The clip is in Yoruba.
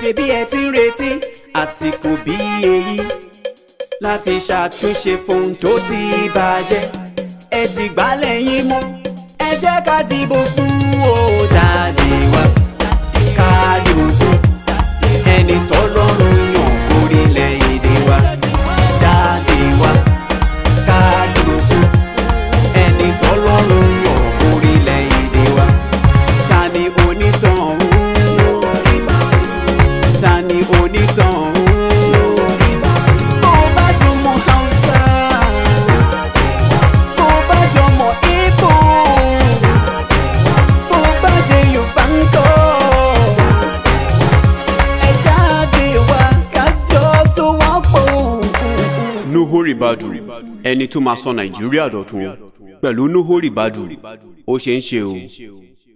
ṣebí ẹ ti ń retí àsìkò bí èyí láti ṣàtúnṣe fohun tó ti bàjẹ́ ẹ ti gbà lẹ́yìn mọ́ ẹ jẹ́ ká dìbò fún òòdàdé wa ká dìbò fún ẹni tọ́lọ́run. ni onítọ̀hún. bó bá jọmọ Hausa bó bá jọmọ Igbo bó ẹni tó máa sọ Nàìjíríà dọ̀tun pẹ̀lú Nuhu Ribadu ó ṣe ń ṣe o.